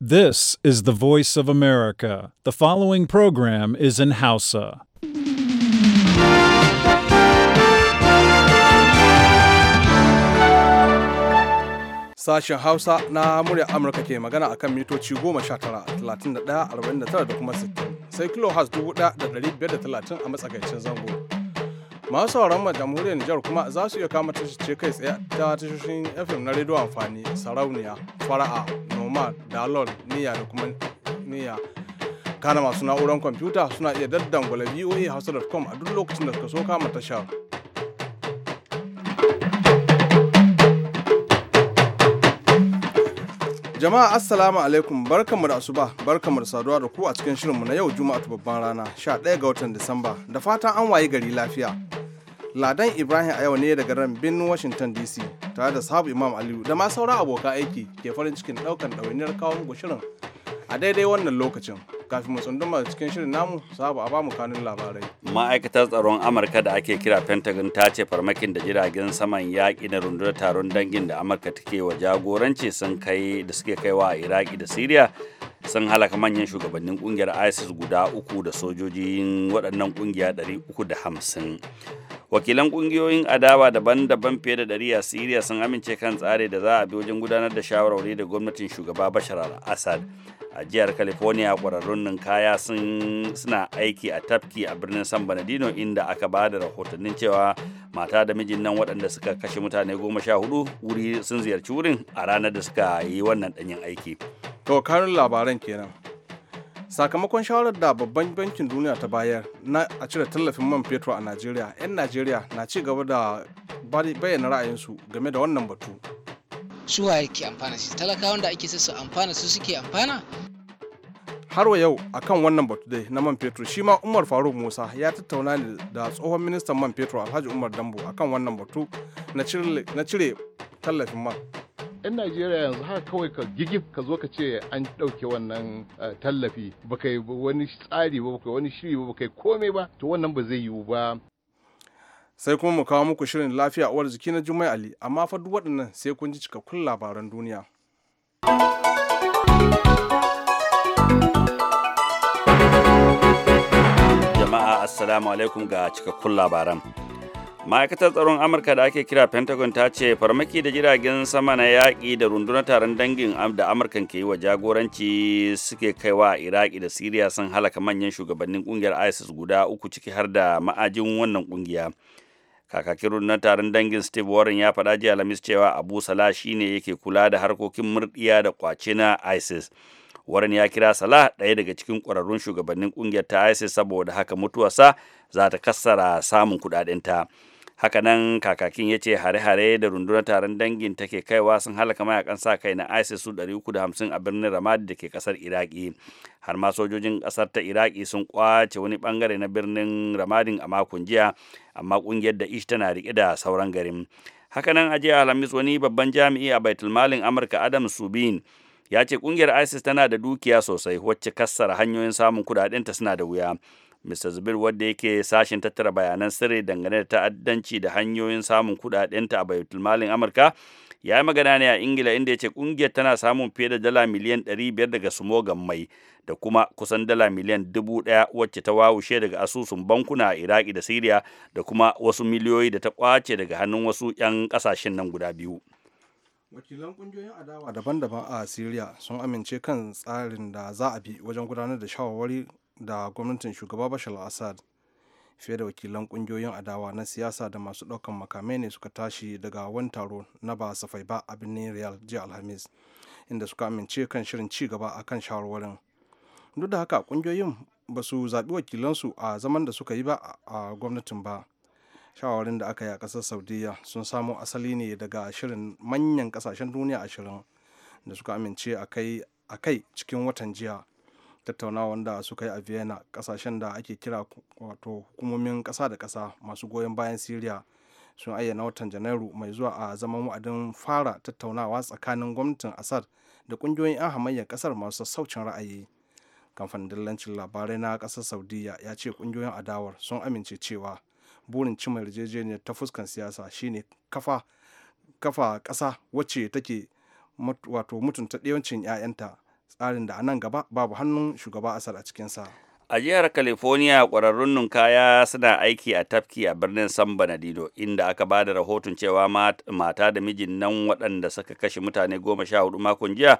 This is the voice of America. The following program is in Hausa. Sashen Hausa na murya Amurka ke magana akan mitoci 19, talatin da kuma 60, sai kilohas 1,530 a matsakaicin zango. masu sauran ma jamhuriyar Nijar kuma za su iya kama tashoce kai tsaye ta tashoshin FM na rediyo amfani sarauniya fara'a noma dalol niya da kuma niya kana masu na'urar kwamfuta suna iya daddangwala voa hausa.com a duk lokacin da suka so kama tashar. Jama'a Assalamu alaikum barkanmu da asuba barkanmu da saduwa da ku a cikin shirinmu na yau Juma'a ta babban rana 11 ga watan Disamba da fatan an wayi gari lafiya. Ladan Ibrahim a yau ne daga ran birnin Washington DC tare da sahabu Imam Aliyu da ma sauran abokan aiki ke farin cikin daukan ɗawainiyar kawo muku shirin a daidai wannan lokacin. kafin mu tsunduma cikin shirin namu sabu a bamu kanun labarai ma'aikatar tsaron amurka da ake kira pentagon ta ce farmakin da jiragen saman yaƙi na rundunar taron dangin da amurka take wa jagoranci sun kai da suke kaiwa a iraki da siriya sun halaka manyan shugabannin kungiyar isis guda uku da sojojin waɗannan kungiya hamsin wakilan kungiyoyin adawa daban-daban fiye da ɗari a siriya sun amince kan tsare da za a bi wajen gudanar da shawarwari da gwamnatin shugaba bashar al-assad a jihar california kwararrun ninkaya suna aiki a tafki a birnin san bernardino inda aka ba da rahotannin cewa mata da mijin nan waɗanda suka kashe mutane goma sha hudu wuri sun ziyarci wurin a ranar da suka yi wannan ɗanyen aiki to karin labaran kenan sakamakon shawarar da babban bankin duniya ta bayar na a cire tallafin man fetur a najeriya 'yan najeriya na ci gaba da bayyana ra'ayinsu game da wannan batu su waye ke amfana shi talakawan da ake sassa amfana su suke amfana har wa yau a kan wannan batu dai na man fetur shi ma umar faruk musa ya tattauna ne da tsohon ministan man fetur alhaji umar dambo kan wannan batu na cire tallafin man 'yan najeriya yanzu haka kawai ka gigif ka zo ka ce an ɗauke wannan eh, tallafi ba kai wani tsari ba kai wani shiri ba baka komai ba to wannan ba zai yiwu ba sai kuma mu kawo muku shirin lafiya uwar jiki na juma'a ali amma fa duk waɗannan sai kun ji cikakkun labaran duniya. assalamu alaikum ga cikakkun labaran. Ma'aikatar tsaron Amurka da ake kira Pentagon ta ce farmaki da jiragen sama na yaƙi da rundunar taron dangin da amurka ke yi wa jagoranci suke kaiwa a Iraki da Siriya sun halaka manyan shugabannin ƙungiyar ISIS guda uku ciki har da ma'ajin wannan ƙungiya. kakakin rundunar taron dangin steve warren ya faɗa jiya alhamis cewa abu salah shine yake kula da harkokin murɗiya da kwace na isis Warren ya kira Salah ɗaya daga cikin ƙwararrun shugabannin ƙungiyar ta ISIS saboda haka mutuwarsa za ta kassara samun haka nan kakakin ya ce hare-hare da rundunar taron dangin take kaiwa sun halaka mayakan sa kai na ISIS su 350 a birnin Ramadi da ke kasar Iraki. Har ma sojojin kasar ta Iraki sun kwace wani bangare na birnin Ramadin a makon jiya, amma kungiyar da ish tana rike da sauran garin. haka Hakanan a jiya Alhamis wani babban jami'i a Baitulmalin Amurka Adam Subin ya ce kungiyar isis tana da dukiya sosai wacce kassara hanyoyin samun kudadenta suna da wuya mr zubir wadda yake sashen tattara bayanan sirri dangane da ta'addanci da hanyoyin samun kudadenta a malin amurka ya yi magana ne a ingila inda ya ce kungiyar tana samun fiye da dala miliyan 500 daga sumogan mai da kuma kusan dala miliyan 1000 wacce ta wawushe daga asusun bankuna a iraki da siriya da kuma wasu miliyoyi da ta kwace daga hannun wasu 'yan kasashen nan guda biyu wakilan kungiyoyin adawa daban-daban a syria sun amince kan tsarin da za a bi wajen gudanar da shawarwari da gwamnatin shugaba bashar assad fiye da wakilan kungiyoyin adawa na siyasa da masu ɗaukan makamai ne suka tashi daga wani taro na ba safai ba a birnin riyal jiya alhamis inda suka amince kan shirin ci gaba a kan shawarwarin duk da haka kungiyoyin ba su zaɓi wakilansu a zaman da suka yi ba a gwamnatin ba shawarin da aka yi a kasar saudiya sun samo asali ne daga shirin manyan kasashen duniya ashirin da suka amince a kai cikin watan jiya tattaunawa da suka yi a vienna kasashen da ake kira wato hukumomin ƙasa da ƙasa masu goyon bayan syria sun ayyana watan janairu mai zuwa a zaman wa'adin fara tattaunawa tsakanin gwamnatin assad da ƙungiyoyin 'yan hamayyar kasar masu sassaucin ra'ayi kamfanin dillancin labarai na ƙasar saudiya ya ce ƙungiyoyin adawar sun amince cewa burin cimma yarjejeniyar ta fuskan siyasa shine kafa kafa ƙasa wacce take wato mutunta ɗewancin 'ya'yanta tsarin da a nan gaba babu hannun shugaba asar a cikinsa. A jihar California ƙwararrun ninkaya suna aiki a tafki a birnin San Bernardino inda aka ba da rahoton cewa mata da mijin nan waɗanda suka kashe mutane goma sha hudu makon jiya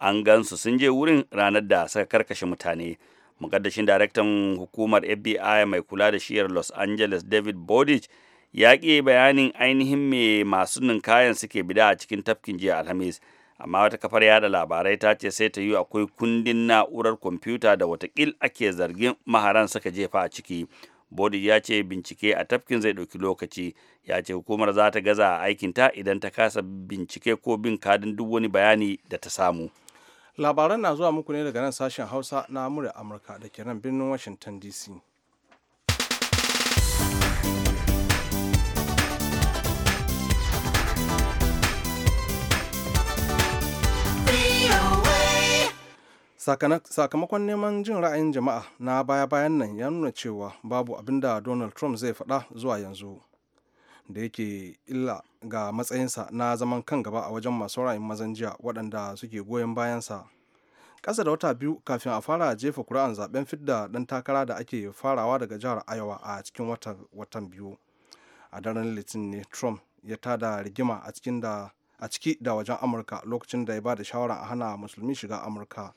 an gansu sun je wurin ranar da suka karkashe mutane. mukaddashin daraktan hukumar fbi mai kula da shiyar los angeles david bodic ya ƙi bayanin ainihin me masu ninkayan suke bida a cikin tafkin jiya alhamis amma wata kafar yada labarai ta ce sai ta yi akwai kundin na'urar kwamfuta da watakil ake zargin maharan suka jefa a ciki bodi ya ce bincike a tafkin zai ɗauki lokaci ya ce hukumar za ta gaza a aikinta idan ta kasa bincike ko bin kadin duk wani bayani da ta samu labaran na zuwa muku ne daga nan sashen hausa na murya amurka da ke nan birnin washington dc sakamakon neman jin ra'ayin jama'a na baya-bayan nan ya nuna cewa babu abin da donald trump zai faɗa zuwa yanzu da yake illa ga matsayinsa na zaman kan gaba a wajen masu ra'ayin mazan jiya waɗanda suke goyon bayansa ƙasa da wata biyu kafin a fara jefa kuri'an zaben fidda ɗan takara da ake farawa daga jihar ayawa a cikin watan biyu a daren litinin ne trump ya tada rigima a cikin da a ciki da wajen amurka lokacin da ya ba da shawara a hana musulmi shiga amurka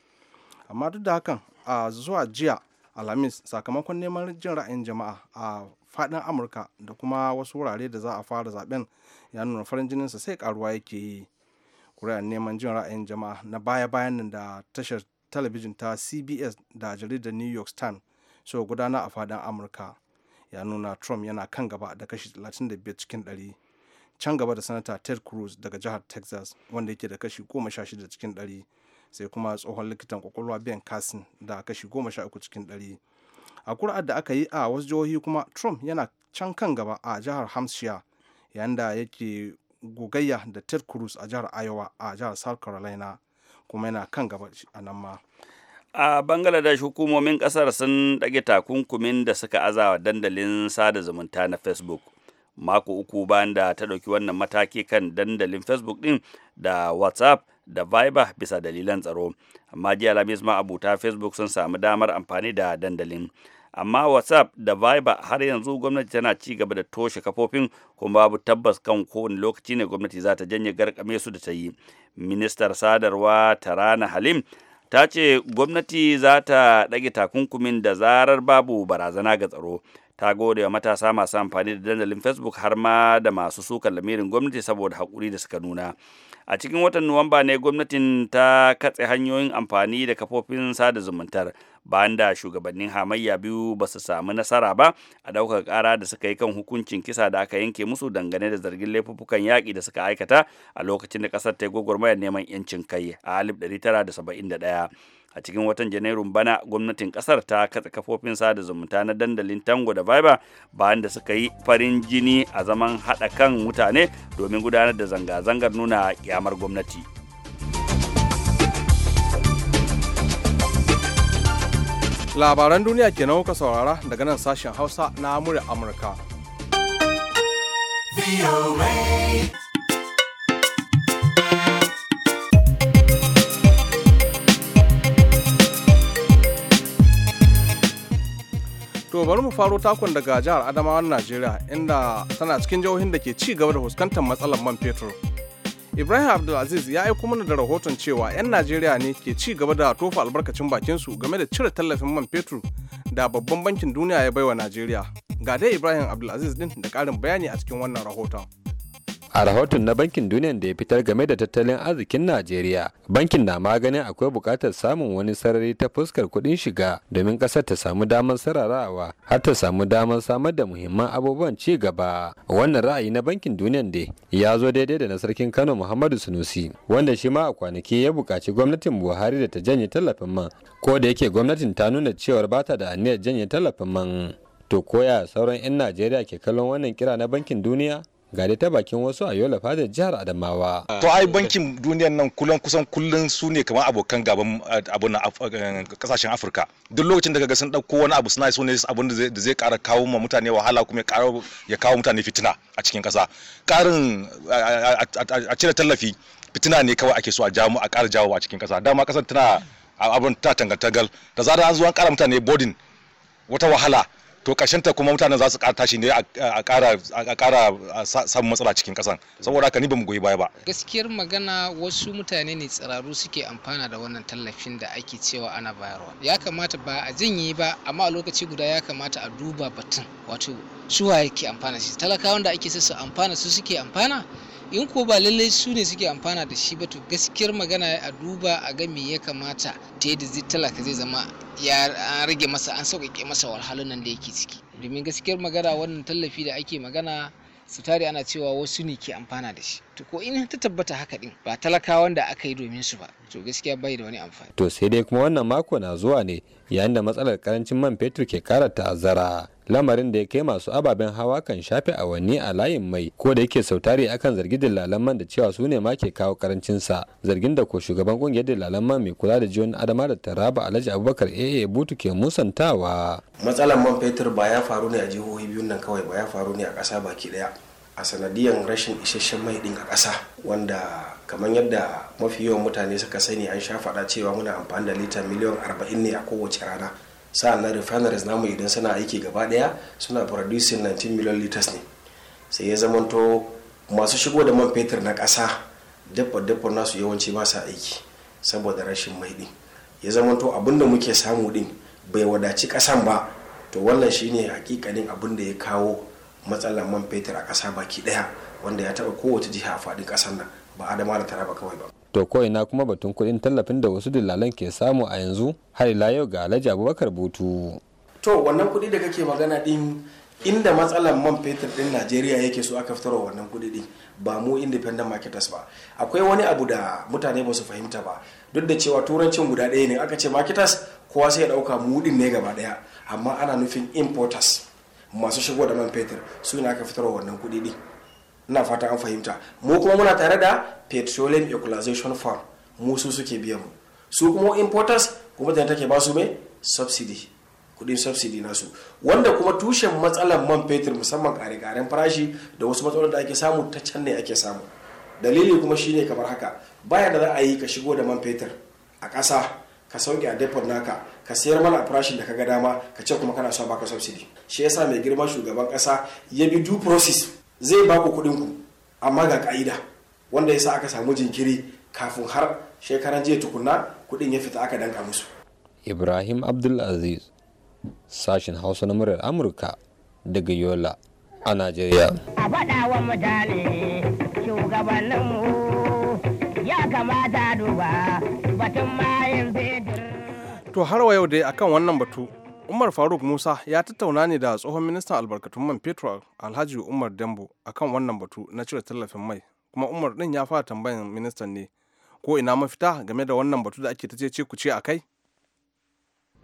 amma duk da hakan a zuwa jiya alhamis sakamakon neman jin ra'ayin jama'a a faɗin amurka da kuma wasu wurare da za a fara zaben ya nuna farin jininsa sai karuwa yake yi kuri'ar neman jin ra'ayin jama'a na baya-bayan da tashar talabijin ta cbs da jaridar new york times so gudana a faɗin amurka ya nuna trump yana kan gaba da kashi 35 cikin 100 can gaba da sanata ted cruz daga jihar texas wanda yake da kashi 16 cikin 100 sai kuma tsohon likitan kwakwalwa ben kasin da kashi goma sha uku cikin ɗari a kura'ar da aka yi a wasu jihohi kuma trump yana can kan gaba a jihar hampshire yayin da yake gogayya da ted cruz a jihar iowa a jihar south carolina kuma yana kan gaba a nan ma a bangladesh hukumomin kasar sun ɗage takunkumin da suka azawa dandalin sada zumunta na facebook mako uku bayan da ta ɗauki wannan mataki kan dandalin facebook ɗin da whatsapp da Viber bisa dalilan tsaro. Amma jiya Alhamis ma abuta Facebook sun samu damar amfani da dandalin. Amma WhatsApp da Viber har yanzu gwamnati tana ci gaba da toshe kafofin kuma babu tabbas kan kowane lokaci ne gwamnati za ta janye garkame su da ta yi. Ministar sadarwa Tarana Halim ta ce gwamnati za ta ɗage takunkumin da zarar babu barazana ga tsaro. ta gode wa matasa masu amfani da dandalin facebook har ma da masu sukan lamirin gwamnati saboda haƙuri da suka nuna a cikin watan nuwamba ne gwamnatin ta katse hanyoyin amfani da kafofin sada zumuntar bayan da shugabannin hamayya biyu ba su samu nasara ba a ɗaukar ƙara da suka yi kan hukuncin kisa da aka yanke musu dangane da zargin laifuffukan yaƙi da suka aikata a lokacin da ƙasar ta yi gwagwarmayar neman 'yancin kai a 1971 a cikin watan janairun bana gwamnatin kasar ta katse kafofin sada zumunta na dandalin tango da viber bayan da suka yi farin jini a zaman haɗa kan mutane domin gudanar da zanga-zangar nuna kyamar gwamnati labaran duniya kenan kuka saurara daga nan sashen hausa na amurka To bari mu faro takon daga jihar Adamawan Najeriya inda tana cikin jihohin da ke ci gaba da fuskantar matsalar man fetur. Ibrahim Abdulaziz ya aiko mana da rahoton cewa 'yan Najeriya ne ke ci gaba da tofa albarkacin bakinsu game da cire tallafin man fetur da babban bankin duniya ya baiwa Najeriya. Ga dai Ibrahim Abdulaziz din da ƙarin bayani a cikin wannan rahoton. a rahoton na bankin duniya da ya fitar game da tattalin arzikin najeriya bankin na maganin akwai bukatar samun wani sarari ta fuskar kuɗin shiga domin ƙasar ta samu damar sararawa har ta samu damar samar da muhimman abubuwan ci gaba wannan ra'ayi na bankin duniya da ya zo daidai da na sarkin kano muhammadu sunusi wanda shi ma a kwanaki ya buƙaci gwamnatin buhari da ta janye tallafin man ko da yake gwamnatin ta nuna cewar bata da aniyar janye tallafin man to koya sauran 'yan najeriya ke kallon wannan kira na bankin duniya ga dai ta bakin wasu a yola fadar jihar adamawa to ai bankin duniyan nan kullum kusan kullum su ne kamar abokan gaban na eh, kasashen afirka duk lokacin da kaga sun dauko wani abu suna so ne abun da zai kara kawo ma mutane wahala kuma ya kawo mutane fitina a cikin kasa karin a cire tallafi fitina ne kawai ake so a jamu a kara jawo a cikin kasa dama kasar tana abun ta tangantagal da zarar an zuwan kara mutane boarding wata wahala to ta kuma mutanen za su ƙara tashi ne a ƙara samun matsala cikin ƙasan saboda haka ni ba mu goyi baya ba gaskiyar magana wasu mutane ne tsiraru suke amfana da wannan tallafin da ake cewa ana bayarwa ya kamata ba a janye ba amma a lokaci guda ya kamata a duba batun wato suwa yake amfana shi talakawan da ake su amfana su suke amfana in ko ba lallai su ne suke amfana da shi ba to gaskiyar magana a duba a ga me ya kamata ta yadda zai talaka zai zama ya rage masa an sauƙaƙe masa wahalun nan da yake ciki domin gaskiyar magana wannan tallafi da ake magana su tare ana cewa wasu ne ke amfana da shi to ko in ta tabbata haka din ba talakawan da aka yi domin su ba to gaskiya bai da wani amfani to sai dai kuma wannan mako na zuwa ne yayin da matsalar karancin man fetur ke kara ta'azzara lamarin da ya kai masu ababen hawa kan shafe awanni a layin mai ko da yake sautari akan zargin dillalan man da cewa su ne ma ke kawo karancin sa zargin da ko shugaban kungiyar dillalan man mai kula da jiyon adama da taraba alhaji abubakar aa butu ke musantawa matsalar man fetur ba ya faru ne a jihohi biyun nan kawai ba ya faru ne a kasa baki ɗaya a sanadiyar rashin isasshen mai ɗin a kasa wanda kamar yadda mafi yawan mutane suka sani an sha faɗa cewa muna amfani da lita miliyan 40 ne a kowace rana sa'annan refineries namu idan suna aiki gaba daya suna producing 19 million liters ne sai ya zamanto masu shigo da man fetur na ƙasa dafa-dafa nasu yawanci ba sa aiki saboda rashin mai din ya zamanto abin da muke samu din bai wadaci ƙasan ba to wannan shine hakikanin abin da ya kawo matsalar man fetur a ƙasa baki daya wanda ya taɓa kowace jiha a faɗin ƙasar nan ba adama da taraba kawai ba to ko ina kuma batun kuɗin tallafin da wasu dillalan ke samu a yanzu har ila yau ga alhaji abubakar butu to wannan kuɗi da kake magana ɗin inda matsalar man fetur ɗin najeriya yake so aka fitarwa wannan kuɗi ɗin ba mu independent marketers ba akwai wani abu da mutane ba su fahimta ba duk da cewa turancin guda ɗaya ne aka ce marketers kowa sai ya ɗauka mudin ne gaba ɗaya amma ana nufin importers masu shigo da man fetur su ne aka fitarwa wannan kuɗi din ina fata an fahimta mu kuma muna tare da petroleum equalization farm mu su suke biyan mu su kuma importers da take ba su mai subsidy kudin subsidy nasu wanda kuma tushen matsalar man fetur musamman kare-karen farashi da wasu matsalolin da ake samu ta can ne ake samu dalili kuma shine kamar haka baya da za a yi ka shigo da man fetur a ƙasa ka sauke a depot naka ka sayar mana a farashin da ka ga dama ka ce kuma kana so baka subsidy shi yasa mai girma shugaban ƙasa ya bi due process zai ba ku kuɗin ku amma ga ka'ida wanda ya sa aka samu jinkiri kafin har shekaran jiya tukunna kuɗin ya fita aka danka musu ibrahim abdulaziz sashen hausa na murar amurka daga yola a najeriya a faɗa mutane shugabanninmu ya kamata duba batun fetur to har wa yau dai akan wannan batu Umar Faruk Musa ya tattauna ne da tsohon ministan albarkatun man fetur Alhaji Umar dembo akan wannan batu na cire tallafin mai kuma Umar din ya fara tambayan ministan ne ko ina mafita game da wannan batu da ake ta ce ku ce a kai?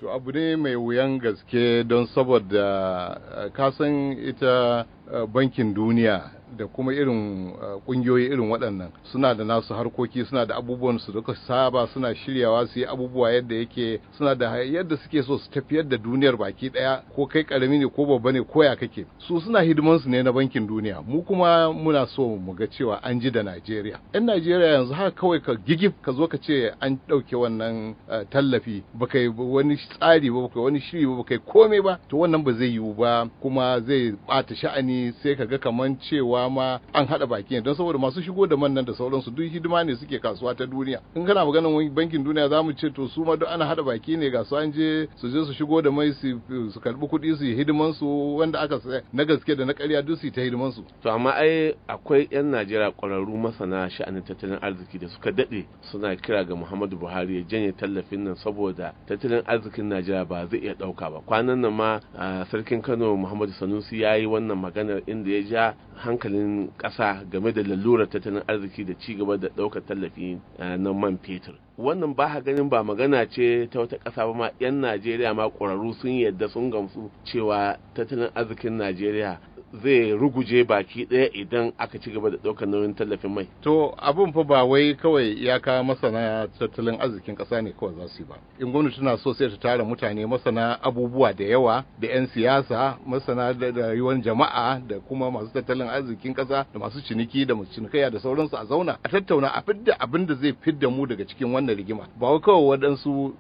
To abu ne mai wuyan gaske don saboda eh, kasan ita Eh, bankin duniya da kuma irin kungiyoyi eh, irin waɗannan suna da nasu harkoki suna da abubuwan su duka saba suna shiryawa su yi abubuwa yadda yake suna da yadda suke so su tafiyar da duniyar baki ɗaya ko kai karami ne ko babba ne ko ya kake su suna hidiman su ne na bankin duniya mu kuma muna so mu ga cewa an ji da Najeriya yan Najeriya yanzu haka kawai ka gigif ka zo ka ce an ɗauke wannan eh, tallafi baka yi wani tsari ba baka wani shiri ba baka yi komai ba to wannan ba zai yiwu ba kuma zai ɓata sha'ani sai ka ga kaman cewa ma an hada baki ne don saboda masu shigo da man nan da sauransu duk hidima ne suke kasuwa ta duniya in kana maganar bankin duniya za mu ce to su ma duk ana hada baki ne ga su an je su je su shigo da mai su karɓi kuɗi su yi hidiman su wanda aka na gaske da na ƙarya duk su ta hidiman su. to amma ai akwai 'yan najeriya ƙwararru masana sha'anin tattalin arziki da suka dade suna kira ga muhammadu buhari ya janye tallafin nan saboda tattalin arzikin najeriya ba zai iya ɗauka ba kwanan nan ma ah, sarkin kano muhammadu sanusi ya yi wannan magana mana inda ya ja hankalin ƙasa game da lalurar tattalin arziki da ci gaba da ɗaukar tallafi eh, na man fetur wannan ba ganin ba magana ce ta wata ƙasa ba ma 'yan najeriya ma ƙwararru sun yadda sun gamsu cewa tattalin arzikin najeriya zai ruguje baki ɗaya idan aka ci gaba da ɗaukar nauyin tallafin mai. To abin fa ba wai kawai ya ka masana tattalin arzikin ƙasa ne kawai za su yi ba. In gwamnati tana so sai ta tara mutane masana abubuwa da yawa da 'yan siyasa masana da rayuwar jama'a da kuma masu tattalin arzikin ƙasa da masu ciniki da masu cinikayya da sauransu a zauna a tattauna a fidda abin da zai fidda mu daga cikin wannan rigima. Ba wai kawai waɗansu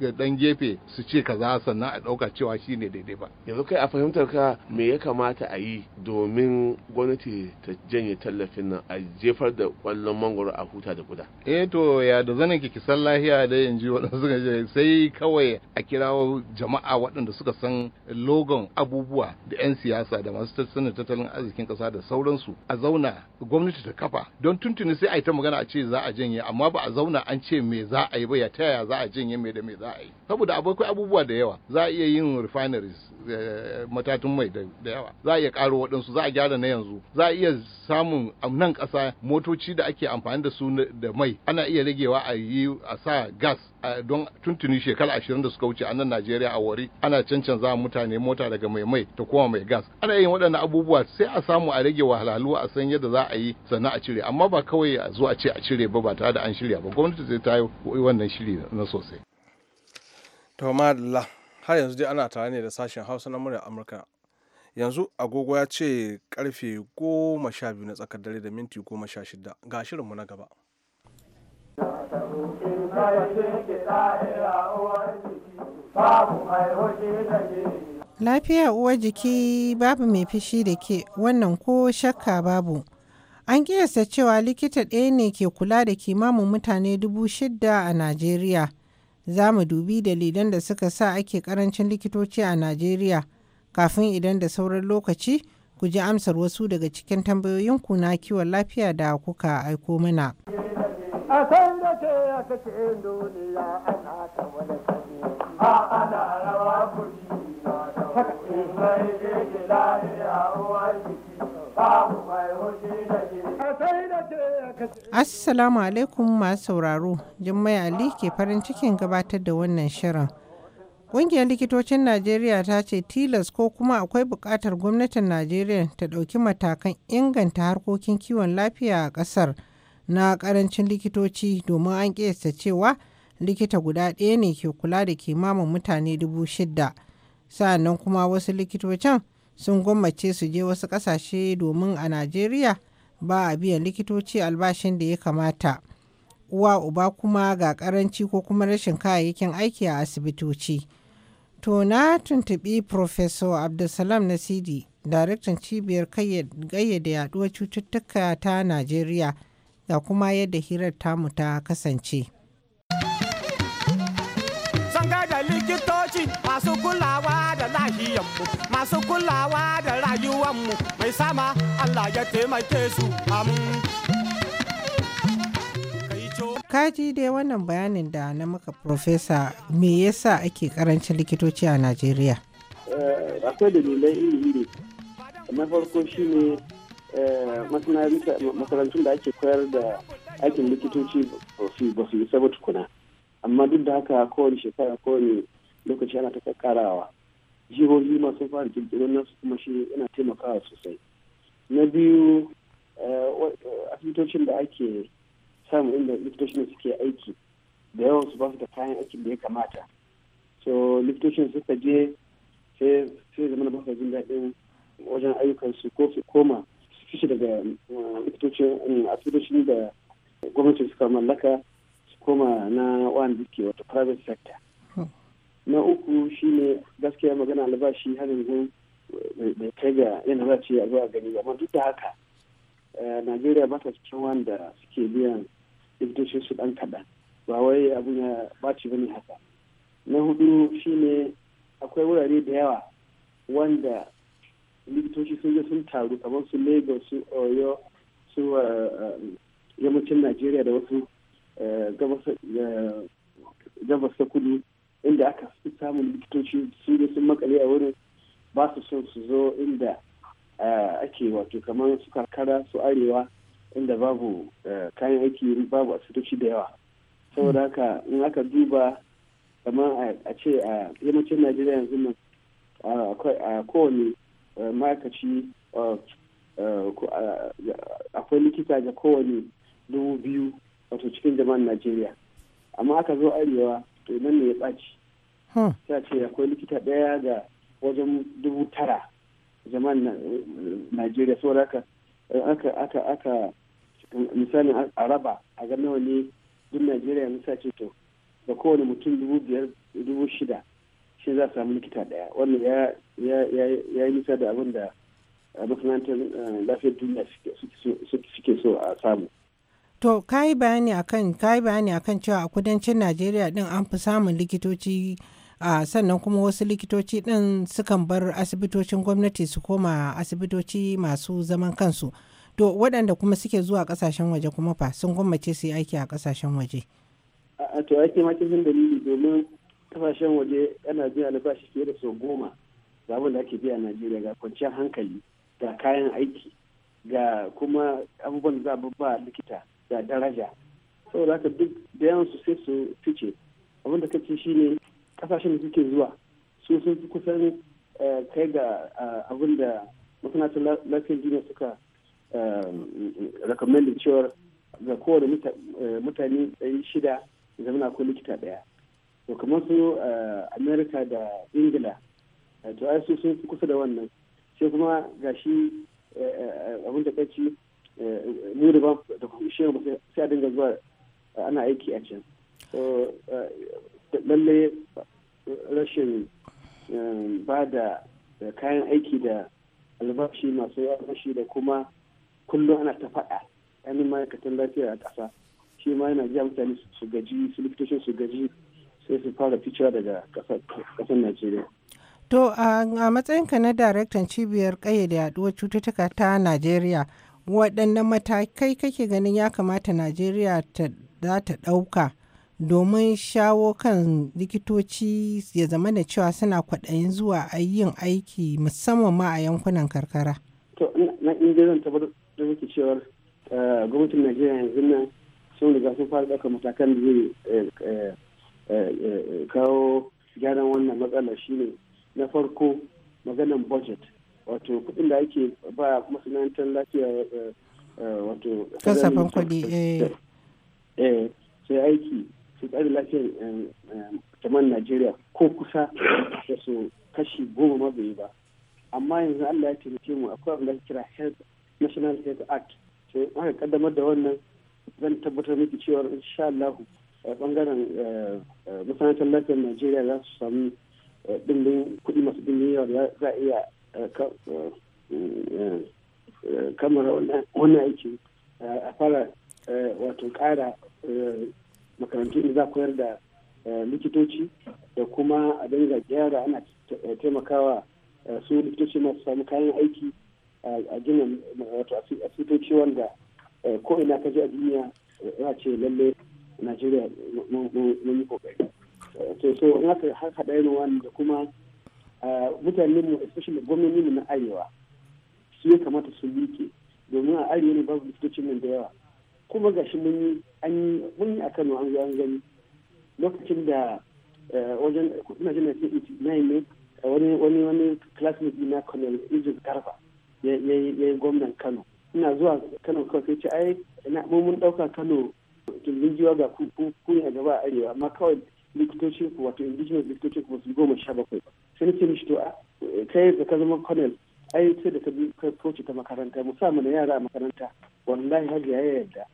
ɗan gefe su ce kaza sannan a ɗauka cewa shi ne daidai ba. Yanzu kai a fahimtar ka me ya kamata a yi yi domin gwamnati ta janye tallafin nan a jefar da kwallon mangoro a huta da guda eh to ya da zanen ki kisan lahiya da yanzu waɗansu ga sai kawai a kirawo jama'a waɗanda suka san logon abubuwa da 'yan siyasa da masu tattalin tattalin arzikin ƙasa da sauransu a zauna gwamnati ta kafa don tuntuni sai a yi ta magana a ce za a janye amma ba a zauna an ce me za a yi ba ya ta yaya za a janye me da me za a yi saboda akwai abubuwa da yawa za a iya yin refineries eh, matatun mai da yawa za a iya karo waɗansu za a gyara na yanzu za a iya samun nan ƙasa motoci da ake amfani da su da mai ana iya ragewa a yi a sa gas don tuntuni shekara ashirin da suka wuce a nan Najeriya a wari ana cancanza mutane mota daga mai mai ta koma mai gas ana yin waɗannan abubuwa sai a samu a rage wahalhalu a san yadda za a yi sannan a cire amma ba kawai a zo a ce a cire ba ba tare da an shirya ba gwamnati zai ta yi wannan shiri na sosai. To har yanzu dai ana tare ne da sashen Hausa na murya Amurka yanzu agogo ya ce karfe goma sha biyu na tsakar dare da minti goma sha shida ga shirinmu na gaba lafiya uwar jiki babu mai fishi da ke wannan ko shakka babu an kiyasta cewa likita ɗaya ne ke kula da kimanin mutane dubu shida a najeriya za mu dubi dalilan da suka sa ake karancin likitoci a najeriya kafin idan da sauran lokaci ku ji amsar wasu daga cikin tambayoyinku na kiwon lafiya da kuka aiko mana. Assalamu alaikum masu sauraro, Jummai Ali ke farin cikin gabatar da wannan shirin. Ƙungiyar likitocin Najeriya ta ce tilas ko kuma akwai buƙatar gwamnatin Najeriya ta ɗauki matakan inganta harkokin kiwon lafiya a ƙasar na ƙarancin likitoci domin an ƙesa cewa likita guda ɗaya ne ke kula da kimanin mutane dubu shida. Sa'annan kuma wasu likitocin sun gwammace su je wasu ƙasashe domin a Najeriya ba a biyan likitoci albashin da ya kamata. Uwa uba kuma ga ƙaranci ko kuma rashin kayayyakin aiki a asibitoci. To na tuntuɓi Professor Abdulsalam Nasidi, daraktan cibiyar gayyada yaduwar cututtuka ta Najeriya da kuma yadda hirar tamu ta kasance. likitoci masu kulawa da lahiyanmu, masu kulawa da rayuwanmu mai sama Allah ya taimake su amin. kaji dai wannan bayanin da na maka profesa me yasa ake karancin likitoci a najeriya eh, akwai dalilai iri-iri na farko shi shine eh, makarantun da ake koyar da aikin likitoci ba su yi saba tukuna amma duk da haka kowane shekara kowane lokaci ana ta kakkarawa jihohi masu fara kirkirar nasu kuma shi yana taimakawa sosai na biyu eh, asibitocin da ake samu inda likitocin suke aiki da yawan su ba su da kayan aikin da ya kamata so likitocin suka je sai sai zama ba su jin daɗin wajen ayyukan ko su koma su daga eh, likitocin eh, asibitocin da gwamnati suka mallaka su koma na wanda ke wata private sector na uku shine gaskiya magana albashi har yanzu bai kai ga yana za ce a zuwa gani amma duk da haka eh, najeriya ba ta cikin wanda suke biyan likitocin su dan kaɗan ba wai abun ya ɓaci bane haka na hudu shine akwai wurare da yawa wanda likitoci sun je sun taru kamar su lagos su oyo su eh, eh, yammacin najeriya da wasu eh, gabas ta kudu inda aka fi samun likitoci sun je sun makale a wurin ba su son su zo inda ake wato kamar su karkara su arewa inda babu eh, kayan aiki babu asibitoci da yawa saboda hmm. haka in aka duba kamar a ce a yammacin najeriya yanzu nan a kowane eh, ma'aikaci eh, akwai likita ga kowane dubu biyu wato cikin jama'an najeriya amma aka zo arewa to nan ne ya ɓaci hmm. sai ce akwai likita ɗaya ga wajen dubu tara jama'an najeriya saboda aka aka aka misalin a raba a ga nawa ne duk najeriya musa ce to da kowane mutum dubu biyar dubu shida shi za samu likita daya wannan ya yi nisa da abin da makarantar eh, lafiyar duniya suke so a samu to kayi bayani akan kayi bayani akan cewa a kudancin najeriya din an fi samun likitoci a sannan kuma wasu likitoci din sukan bar asibitocin gwamnati su koma asibitoci masu zaman kansu to waɗanda kuma suke zuwa ƙasashen waje kuma fa sun gwammace su yi aiki a ƙasashen waje a to aiki ma sun dalili domin ƙasashen waje ana biyan albashi fiye da sau goma ga da ake biya a najeriya ga kwanciyar hankali ga kayan aiki ga kuma abubuwan da za ba likita da daraja saboda haka duk da yawan su sai su fice abin da kace ne ƙasashen da suke zuwa su sun fi kusan eh, kai ga ah, abin da masana lafiyar duniya suka Um, recommended cewar ga kowane eh, mutane ɗari shida zama akwai likita ɗaya to kamar su eh, america da ingila eh, to ai sun sun kusa da wannan sai kuma ga shi abin da kaci mu da ba da kuma shi sai a dinga zuwa ana aiki a can lallai rashin ba da kayan aiki da albashi masu yawa da kuma kullum ana ta faɗa yanin ma'aikatan lafiya a ƙasa shi ma yana jiya mutane su gaji su likitocin su gaji sai su fara ficewa daga ƙasar najeriya to a matsayinka na daraktan cibiyar ƙayyade yaduwar cututtuka ta najeriya waɗannan matakai kake ganin ya kamata najeriya za ta ɗauka domin shawo kan likitoci ya zama da cewa suna kwaɗayin zuwa yin aiki musamman ma a yankunan karkara. To, na inda zan da yake cewar eh, gwamnatin najeriya yanzu nan sun riga sun fara ɗaukar matakan da zai eh, eh, kawo gyaran wannan matsalar shine na farko maganan budget wato kuɗin da ake ba masana'antar lafiya wato kasafin kuɗi eh sai aiki su tsari lafiyar jaman najeriya ko kusa da su kashi goma mabiyi ba amma yanzu allah ya taimake mu akwai abin da kira health national health act sai aka kaddamar da wannan zan tabbatar miki cewa insha Allah eh, bangaren eh, eh, masana'antar lafiyar Najeriya za su samu dindin kuɗi masu dindin yawa za a iya kamar wannan aiki a fara wato ƙara makarantu da za a koyar da likitoci da kuma a dinga gyara ana taimakawa su likitoci masu samu kayan aiki a ginin wato asibitoci wanda eh, ko ina ka ji a duniya ya ce lalle najeriya mun yi kokari to so in aka har haɗa yin wani da kuma mutanen mu especially gwamnati na arewa su ya kamata su miƙe domin a arewa ne babu likitocin nan da yawa kuma gashi mun yi an mun yi a kano an an gani lokacin da eh, wajen ina jin na ne wani wani wani classmate na colonel Egypt Garba ya yi gwamnan kano ina zuwa kano kawai sai ce ai mu mun ɗauka kano tunzin jiwa ga kun a gaba arewa amma kawai likitocin ku wato indigenous likitocin ku su goma sha bakwai ba sai nake mishi to kai da ka zama kwanel ai sai da ka bi kai ta makaranta mu sa mana yara a makaranta wallahi hajji ya yarda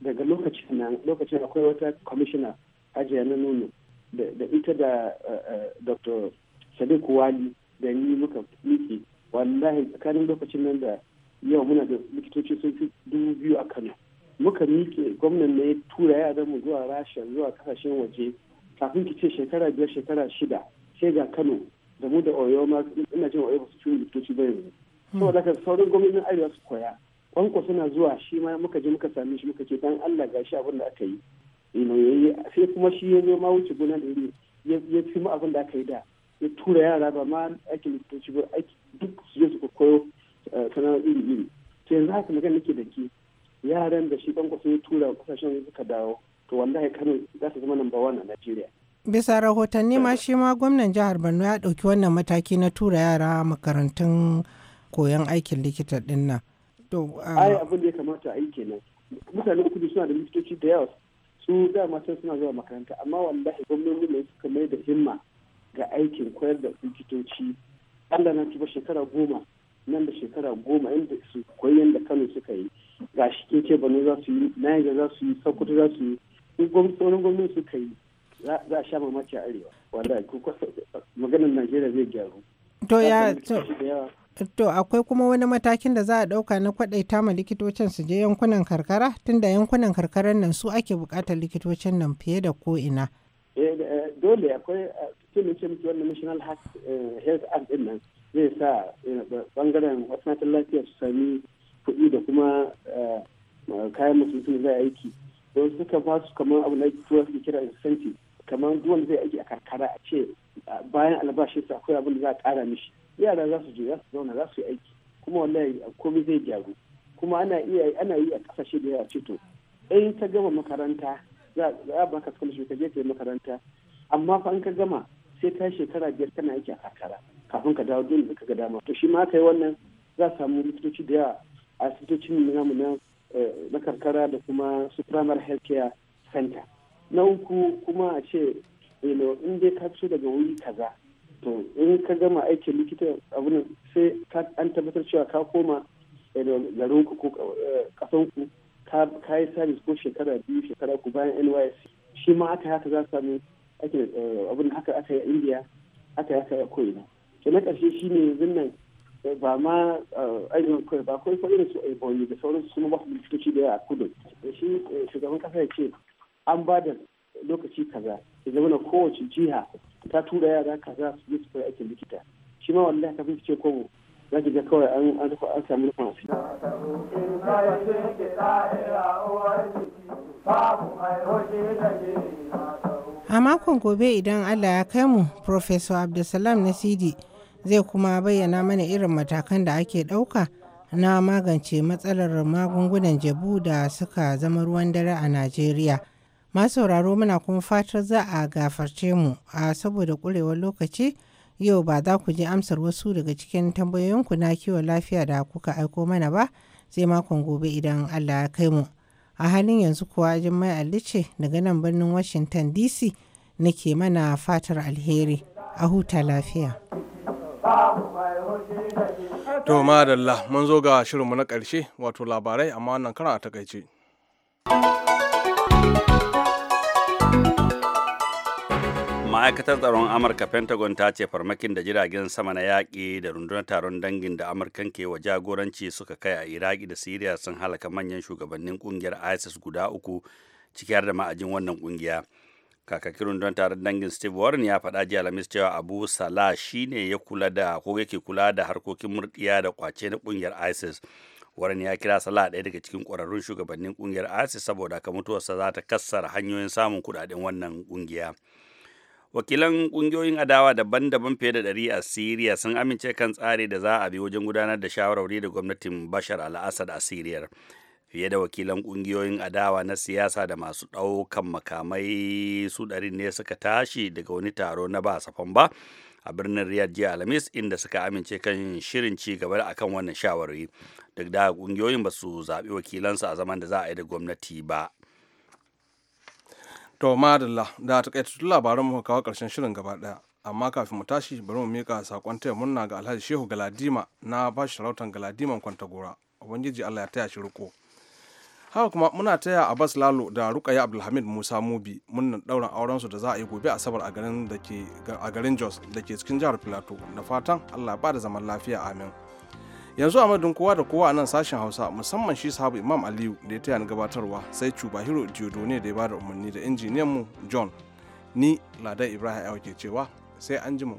daga lokacin nan lokacin akwai wata commissioner hajiya na nono da ita da eh, eh, dr sadiq wali da ni muka miki wallahi tsakanin lokacin nan da yau muna da likitoci sun fi dubu biyu a kano muka miƙe gwamnan na ya tura ya mu zuwa rasha zuwa kasashen waje kafin ki ce shekara biyar shekara shida sai ga kano da mu da oyo ma ina jin oyo ba su ciwo likitoci ba yanzu hmm. saboda haka sauran gwamnatin arewa su koya kwanko suna zuwa shi ma muka je muka same shi muka ce dan Allah ga shi abin da aka yi sai kuma shi ya zo ma wuce gona da ya fi mu abin da aka yi da ya tura yara ba ma aikin likitoci ba aiki duk su je su koyo eh, sana'o'i iri iri to yanzu haka magana nake da ke yaran da shi ban kwankwaso ya tura kasashen suka dawo to ya kano za ta zama number one a najeriya bisa rahotanni ma shi ma gwamnan jihar borno ya ɗauki wannan mataki na tura yara makarantun koyon aikin likita din nan to ah, ai abin da ya kamata a yi kenan mutane kudu suna da likitoci da yawa su dama suna zuwa makaranta amma wallahi gwamnoni ne suka mai da himma ga aikin koyar da likitoci allah na tuba shekara goma nan da shekara goma inda su koyi yadda kano suka yi ga shi ke ce bano za su yi naija za su yi sokoto za su yi in gwamnati gwamnati suka yi za a sha mamaki a arewa wanda ko maganar najeriya zai gyaru to ya to akwai kuma wani matakin da za a ɗauka na ta ma likitocin su je yankunan karkara tunda yankunan karkarar nan su ake buƙatar likitocin nan fiye da ko ina Eh, eh, dole akwai cikin eh, ce miki wannan national health act din nan zai sa bangaren wasu matan lafiya su sami kuɗi da kuma kayan mutum zai aiki don suka ba su kamar abu na kira kira incentive kamar duwan zai aiki a karkara a ce bayan albashin sa akwai abin da za a ƙara mishi yara za su je za su zauna za su yi aiki kuma wallahi komai zai gyaru kuma ana iya ana yi a ƙasashe da yawa ce to in ta gama makaranta za a baka scholarship ka je ka makaranta amma fa in ka gama sai ka shekara biyar kana aiki a karkara kafin ka dawo dole da ka ga dama to shi ma aka yi wannan za a samu likitoci da yawa a asibitocin mu na eh, na karkara da kuma su primary health care center na uku kuma a ce in dai ka fito daga wuri kaza to in ka gama aikin likita abin sai an tabbatar cewa ka koma garinku ko eh, ku. ka yi sabis ko shekara biyu shekara ku bayan N.Y.C. shi ma aka haka za su sami ake eh, abin haka aka yi indiya aka yi haka ya ko'ina ke na karshe shi ne yanzu nan eh, ba ma eh, aikin kawai ba ko fa irin su aiboyi da sauransu su ma ba su likitoci da yawa a kudu shi shugaban kasa ya ce an ba da lokaci kaza ya zama na kowace jiha ta tura yara kaza su yi su koyi aikin likita shi ma wallahi kafin fi ce kobo za ga kawai an an an samu A makon gobe idan Allah ya kai mu, Professor Abdulsalam sidi zai kuma bayyana mana irin matakan da ake ɗauka na magance matsalar magungunan jabu da suka zama ruwan dare a Najeriya. Masu sauraro muna kuma fatar za a gafarce mu a saboda ƙurewar lokaci. Yau ba za ku je amsar wasu daga cikin tambayoyinku na kiwon lafiya da kuka aiko mana ba sai makon gobe idan Allah ya kai mu. A halin yanzu kuwa Jummai Ali ce daga nan birnin Washington DC nake mana fatar alheri a huta lafiya. To madalla mun zo ga shirinmu na ƙarshe wato labarai amma wannan kar a takaice. ma'aikatar tsaron amurka pentagon ta ce farmakin da jiragen sama na yaƙi da rundunar taron dangin da amurkan ke wa jagoranci suka kai a iraki da siriya sun halaka manyan shugabannin kungiyar isis guda uku ciki har da ma'ajin wannan kungiya kakakin rundunar taron dangin steve warren ya faɗa jiya alhamis cewa abu salah shine ya kula da ko yake kula da harkokin murɗiya da kwace na ƙungiyar isis warren ya kira salah ɗaya daga cikin ƙwararrun shugabannin kungiyar isis saboda ka mutuwarsa za ta kassara hanyoyin samun kuɗaɗen wannan kungiya. wakilan ƙungiyoyin adawa daban-daban fiye da ɗari a siriya sun amince kan tsari da za a bi wajen gudanar da shawarwari da gwamnatin bashar al-assad a siriyar fiye da wakilan ƙungiyoyin adawa na siyasa da masu ɗaukan makamai su ɗari ne suka tashi daga wani taro na ba safan ba a birnin riyadh jiya alhamis inda suka amince kan shirin ci gaba a akan wannan shawarwari duk da ƙungiyoyin ba su zaɓi wakilansu a zaman da za a yi da gwamnati ba To madalla da takaitattun labaran mu kawo karshen shirin gaba daya. Amma kafin mu tashi bari mu mika sakon taya murna ga Alhaji Shehu Galadima na bashi sarautan Galadiman Kwantagora. Ubangiji Allah ya taya shi riko. Haka kuma muna taya Abbas Lalo da Rukaya Abdulhamid Musa Mubi murnar ɗaurin auren su da za a yi gobe Asabar a garin da a garin Jos da ke cikin jihar Plateau. Da fatan Allah ya bada zaman lafiya amin. yanzu a madadin kowa da kowa a nan sashen hausa musamman shi sahabu imam aliyu da ya taya ni gabatarwa sai cuba hiro ne da ya bada umarni da injiniyan mu john ni lada ibrahim ke cewa sai an ji mu